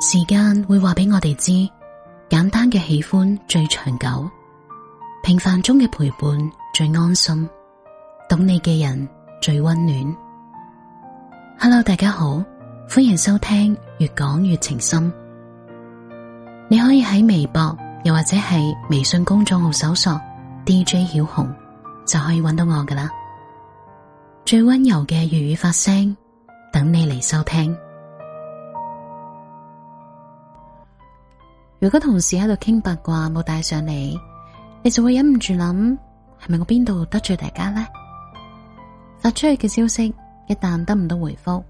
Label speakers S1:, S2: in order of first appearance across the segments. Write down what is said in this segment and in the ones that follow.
S1: 時間會話俾我哋知，簡單嘅喜歡最長久，平凡中嘅陪伴最安心，懂你嘅人最温暖。Hello，大家好，歡迎收聽越講越情深。你可以喺微博又或者係微信公眾號搜索 DJ 曉紅，就可以揾到我噶啦。最温柔嘅粵語發聲，等你嚟收聽。如果同事喺度傾八卦冇帶上你，你就會忍唔住諗，係咪我邊度得罪大家咧？發出去嘅消息一旦得唔到回覆，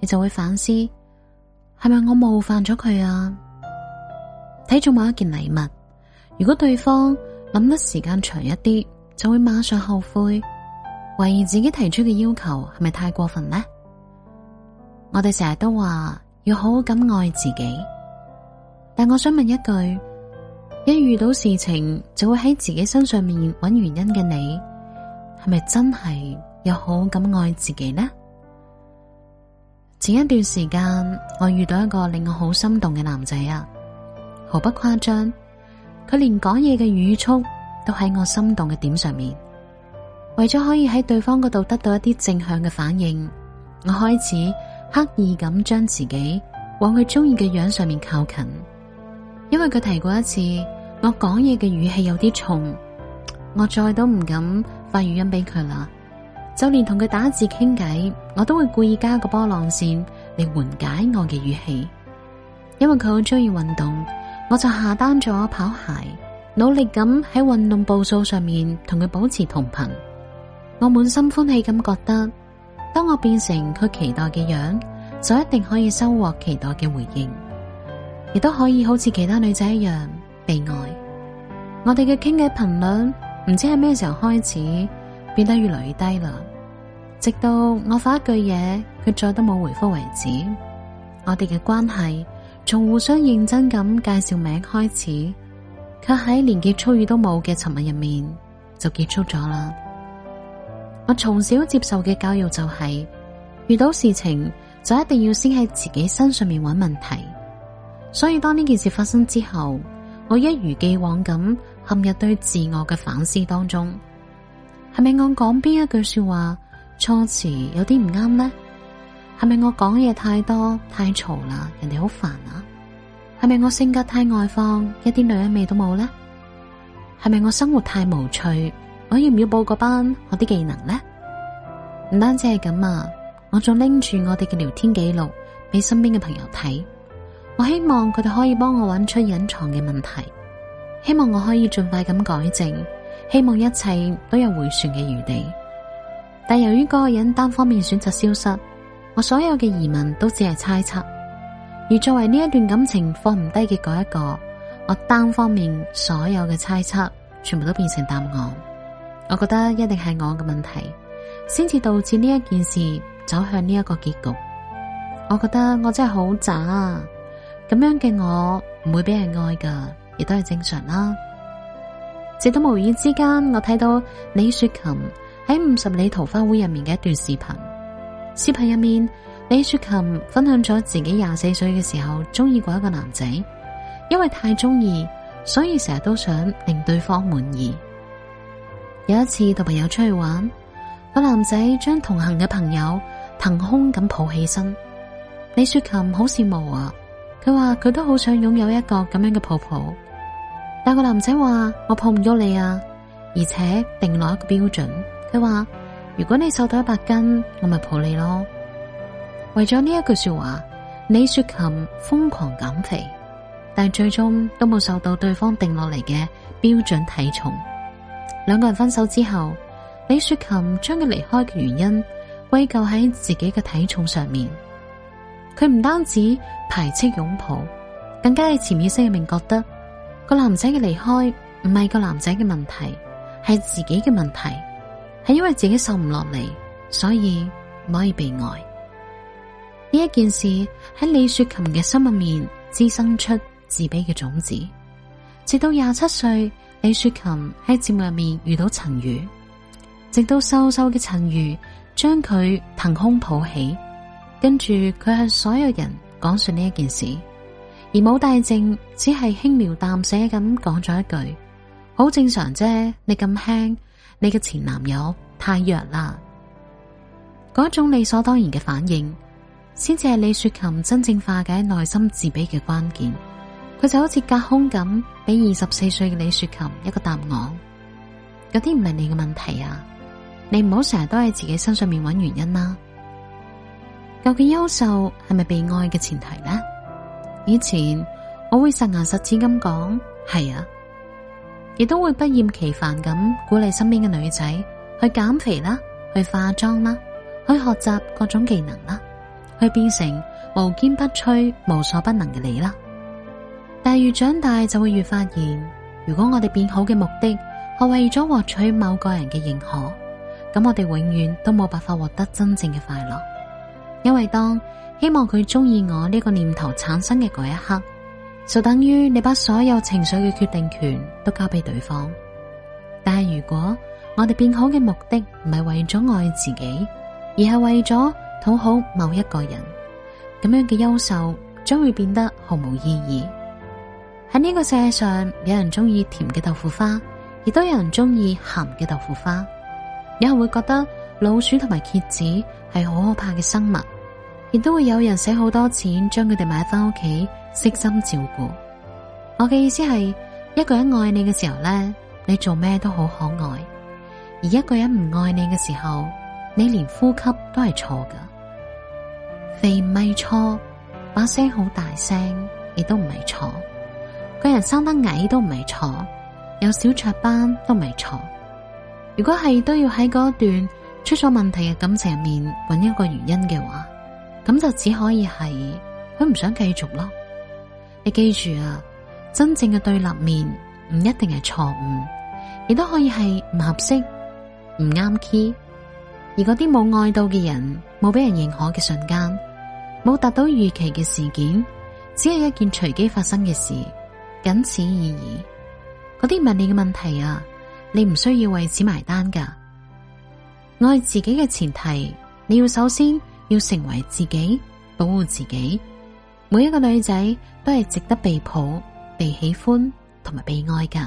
S1: 你就會反思係咪我冒犯咗佢啊？睇中某一件禮物，如果對方諗得時間長一啲，就會馬上後悔，懷疑自己提出嘅要求係咪太過分咧？我哋成日都話要好好咁愛自己。但我想問一句：一遇到事情就會喺自己身上面揾原因嘅你，係咪真係有好咁愛自己呢？前一段時間我遇到一個令我好心動嘅男仔啊，毫不誇張，佢連講嘢嘅語速都喺我心動嘅點上面。為咗可以喺對方嗰度得到一啲正向嘅反應，我開始刻意咁將自己往佢中意嘅樣上面靠近。因為佢提過一次，我講嘢嘅語氣有啲重，我再都唔敢發語音俾佢啦。就連同佢打字傾偈，我都會故意加個波浪線嚟緩解我嘅語氣。因為佢好鍾意運動，我就下單咗跑鞋，努力咁喺運動步數上面同佢保持同頻。我滿心歡喜咁覺得，當我變成佢期待嘅樣，就一定可以收穫期待嘅回應。亦都可以好似其他女仔一樣被愛。我哋嘅傾偈頻率唔知係咩時候開始變得越來越低啦，直到我發一句嘢，佢再都冇回覆為止。我哋嘅關係從互相認真咁介紹名開始，卻喺連結束語都冇嘅沉默入面就結束咗啦。我從小接受嘅教育就係遇到事情就一定要先喺自己身上面揾問題。所以當呢件事發生之後，我一如既往咁陷入對自我嘅反思當中，係咪我講邊一句說話措辭有啲唔啱呢？係咪我講嘢太多太嘈啦？人哋好煩啊？係咪我性格太外放，一啲女人味都冇呢？係咪我生活太無趣？我要唔要報個班學啲技能呢？唔單止係咁啊，我仲拎住我哋嘅聊天記錄俾身邊嘅朋友睇。我希望佢哋可以幫我揾出隱藏嘅問題，希望我可以盡快咁改正，希望一切都有回旋嘅餘地。但由於嗰個人單方面選擇消失，我所有嘅疑問都只係猜測。而作為呢一段感情放唔低嘅嗰一個，我單方面所有嘅猜測全部都變成答案。我覺得一定係我嘅問題，先至導致呢一件事走向呢一個結局。我覺得我真係好渣啊。咁樣嘅我唔會俾人愛噶，亦都係正常啦。直到無意之間，我睇到李雪琴喺《五十里桃花塢》入面嘅一段視頻。視頻入面，李雪琴分享咗自己廿四歲嘅時候中意過一個男仔，因為太中意，所以成日都想令對方滿意。有一次同朋友出去玩，個男仔將同行嘅朋友騰空咁抱起身，李雪琴好羨慕啊！佢話佢都好想擁有一個咁樣嘅抱抱，但係個男仔話，我抱唔到你啊，而且定落一個標準。佢話如果你瘦到一百斤，我咪抱你咯。為咗呢一句說話，李雪琴瘋狂減肥，但最終都冇瘦到對方定落嚟嘅標準體重。兩個人分手之後，李雪琴將佢離開嘅原因歸咎喺自己嘅體重上面。佢唔單止排斥擁抱，更加喺潛意識入面覺得個男仔嘅離開唔係個男仔嘅問題，係自己嘅問題，係因為自己受唔落嚟，所以唔可以被愛。呢一件事喺李雪琴嘅心入面滋生出自卑嘅種子，直到廿七歲，李雪琴喺節目入面遇到陳宇，直到瘦瘦嘅陳宇將佢騰空抱起。跟住佢向所有人講述呢一件事，而武大靖，只係輕描淡寫咁講咗一句：好正常啫，你咁輕，你嘅前男友太弱啦。嗰種理所當然嘅反應，先至係李雪琴真正化解內心自卑嘅關鍵。佢就好似隔空咁，俾二十四歲嘅李雪琴一個答案：有啲唔係你嘅問題啊，你唔好成日都喺自己身上面揾原因啦，啊。究竟優秀係咪被愛嘅前提呢？以前我會實牙實齒咁講係啊，亦都會不厭其煩咁鼓勵身邊嘅女仔去減肥啦，去化妝啦，去學習各種技能啦，去變成無堅不摧、無所不能嘅你啦。但係越長大就會越發現，如果我哋變好嘅目的係為咗獲取某個人嘅認可，咁我哋永遠都冇辦法獲得真正嘅快樂。因為當希望佢中意我呢個念頭產生嘅嗰一刻，就等於你把所有情緒嘅決定權都交俾對方。但係如果我哋變好嘅目的唔係為咗愛自己，而係為咗討好某一個人，咁樣嘅優秀將會變得毫無意義。喺呢個世界上，有人中意甜嘅豆腐花，亦都有人中意鹹嘅豆腐花。有人會覺得老鼠同埋蠍子係好可怕嘅生物。亦都會有人使好多錢，將佢哋買翻屋企悉心照顧。我嘅意思係，一個人愛你嘅時候咧，你做咩都好可愛；而一個人唔愛你嘅時候，你連呼吸都係錯噶。肥咪錯，把聲好大聲亦都唔係錯。個人生得矮都唔係錯，有小雀斑都唔係錯。如果係都要喺嗰段出咗問題嘅感情入面揾一個原因嘅話。咁就只可以係佢唔想繼續咯。你記住啊，真正嘅對立面唔一定係錯誤，亦都可以係唔合適、唔啱 key。而嗰啲冇愛到嘅人，冇俾人認可嘅瞬間，冇達到預期嘅事件，只係一件隨機發生嘅事，僅此而已。嗰啲問你嘅問題啊，你唔需要為此埋單噶。愛自己嘅前提，你要首先。要成為自己，保護自己。每一個女仔都係值得被抱、被喜歡同埋被
S2: 愛㗎。